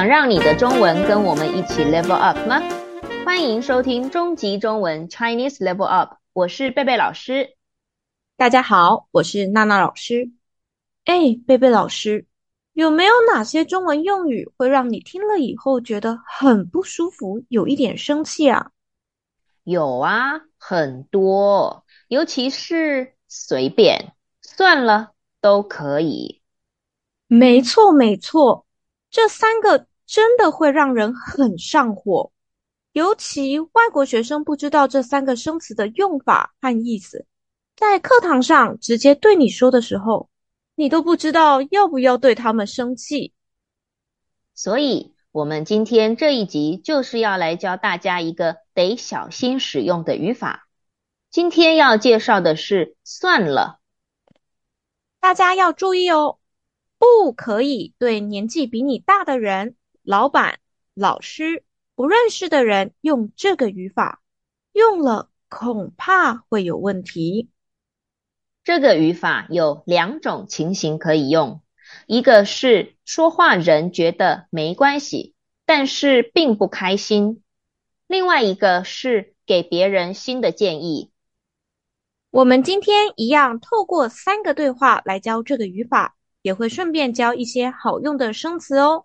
想讓你的中文跟我們一起 level up 嗎？歡迎收聽中級中文 Chinese Level Up，我是貝貝老師。大家好，我是娜娜老師。哎，貝貝老師，有沒有哪些中文用語會讓你聽了以後覺得很不舒服，有一點生氣啊？有啊，很多，尤其是隨便、算了、都可以。沒錯，沒錯，這三個。真的會讓人很上火，尤其外國學生不知道這三個生詞的用法和意思，在課堂上直接對你說的時候，你都不知道要不要對他們生氣。所以，我們今天這一集就是要來教大家一個得小心使用的語法。今天要介紹的是“算了”，大家要注意哦，不可以對年紀比你大的人。老闆、老師、不認識的人用這個語法，用了恐怕會有問題。這個語法有兩種情形可以用：一個是說話人覺得沒關係，但是並不開心；另外一個是給別人新的建議。我們今天一樣，透過三個對話來教這個語法，也會順便教一些好用的生詞哦。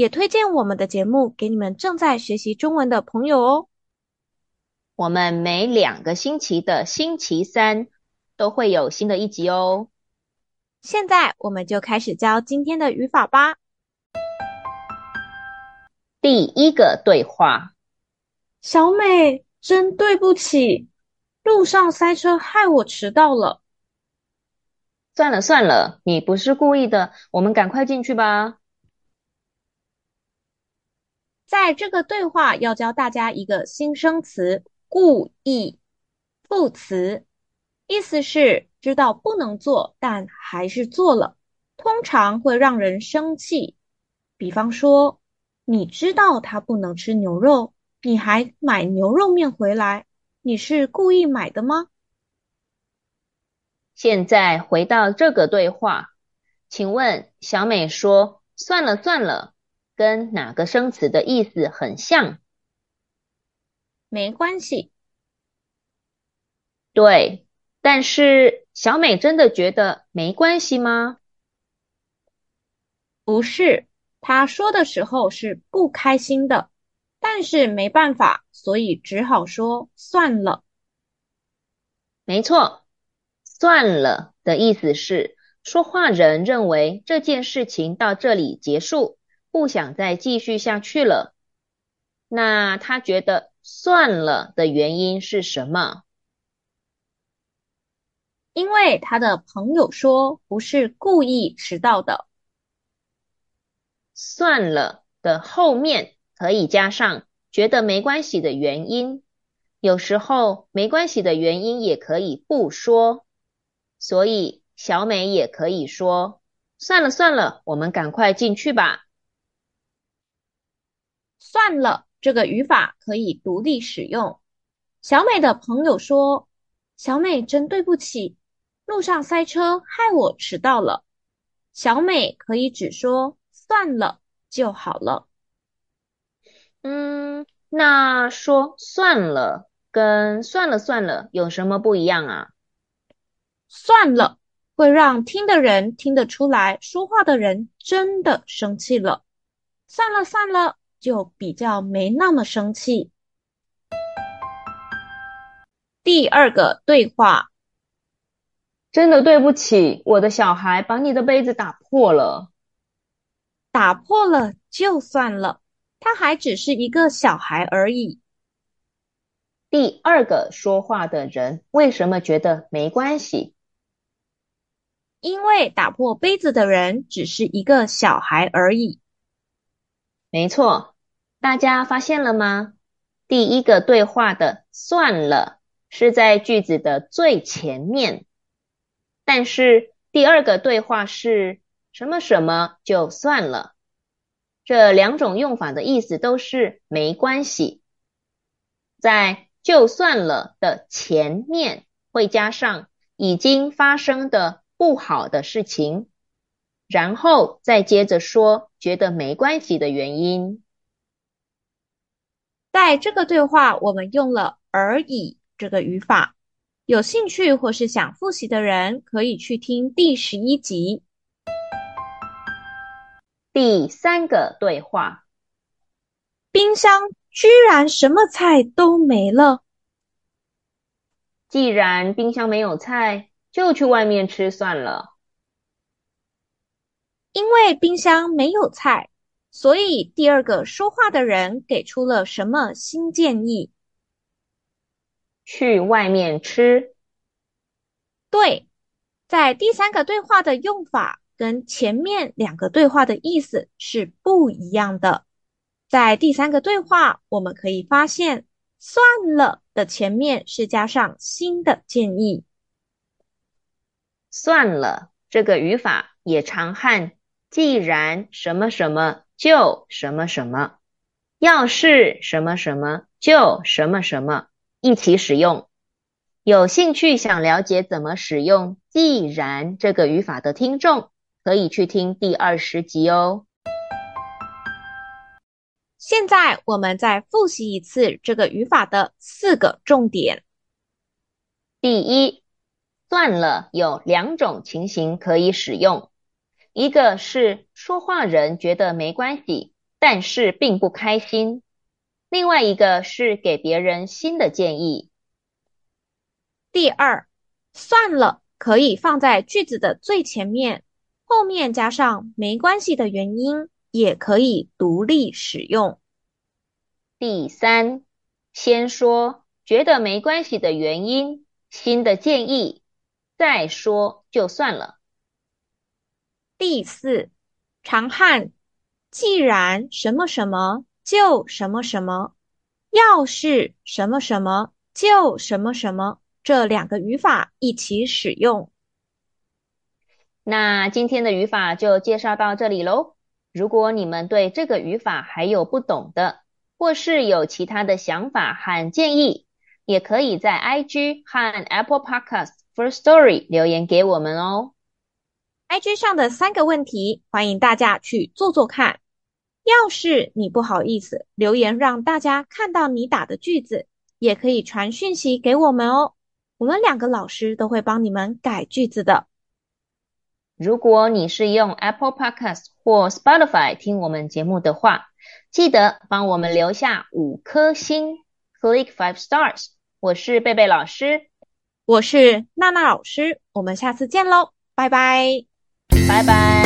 也推薦我們的節目給你們正在學習中文的朋友哦。我們每兩個星期的星期三都會有新的一集哦。現在我們就開始教今天的語法吧。第一個對話：小美，真對不起，路上塞車害我遲到了。算了算了，你不是故意的，我們趕快進去吧。在這個對話要教大家一個新生詞，故意，副詞，意思是知道不能做但還是做了，通常會讓人生氣。比方說，你知道他不能吃牛肉，你還買牛肉麵回來，你是故意買的嗎？現在回到這個對話，請問小美說：“算了算了。”跟哪個生詞的意思很像？沒關係。對，但是小美真的覺得沒關係嗎？不是，她說的時候是不開心的，但是沒辦法，所以只好說算了。沒錯，算了的意思是，說話人認為這件事情到這裡結束。不想再繼續下去了，那他覺得算了的原因是什麼？因為他的朋友說不是故意遲到的。算了的後面可以加上覺得沒關係的原因，有時候沒關係的原因也可以不說，所以小美也可以說算了算了，我們趕快進去吧。算了，這個語法可以獨立使用。小美的朋友說：“小美真對不起，路上塞車，害我遲到了。”小美可以只說“算了”就好了。嗯，那說“算了”跟“算了算了”有什麼不一樣啊？“算了”會讓聽的人聽得出來，說話的人真的生氣了。“算了算了。”就比較沒那麼生氣。第二個對話，真的對不起，我的小孩把你的杯子打破了。打破了就算了，他還只是一個小孩而已。第二個說話的人為什麼覺得沒關係？因為打破杯子的人只是一個小孩而已。沒錯。大家發現了嗎？第一個對話的“算了”是在句子的最前面，但是第二個對話是“什麼什麼就算了”，這兩種用法的意思都是沒關係。在“就算了”的前面會加上已經發生的不好的事情，然後再接着說覺得沒關係的原因。在這個對話，我們用了而已這個語法。有興趣或是想複習的人，可以去聽第十一集。第三個對話：冰箱居然什麼菜都沒了。既然冰箱沒有菜，就去外面吃算了。因為冰箱沒有菜，所以第二個說話的人給出了什麼新建議？去外面吃。對，在第三個對話的用法跟前面兩個對話的意思是不一樣的。在第三個對話，我們可以發現“算了”的前面是加上新的建議。算了，這個語法也常漢既然什麼什麼就什麼什麼，要是什麼什麼就什麼什麼一起使用。有興趣想了解怎麼使用“既然”這個語法的聽眾，可以去聽第二十集哦。現在我們再複習一次這個語法的四個重點。第一，算了有兩種情形可以使用。一個是說話人覺得沒關係，但是並不開心；另外一個是給別人新的建議。第二，算了，可以放在句子的最前面，後面加上沒關係的原因，也可以獨立使用。第三，先說覺得沒關係的原因，新的建議，再說就算了。第四，長漢，既然什麼什麼就什麼什麼，要是什麼什麼就什麼什麼，這兩個語法一起使用。那今天的語法就介紹到這裡嘍。如果你們對這個語法還有不懂的，或是有其他的想法和建議，也可以在 IG 和 Apple Podcasts Firstory 留言給我們哦。IG 上的三個問題，歡迎大家去做做看。要是你不好意思留言讓大家看到你打的句子，也可以傳訊息給我們哦。我們兩個老師都會幫你們改句子的。如果你是用 Apple Podcast 或 Spotify 聽我們節目的話，記得幫我們留下五顆星，Click five stars。我是貝貝老師，我是娜娜老師，我們下次見嘍，拜拜。拜拜。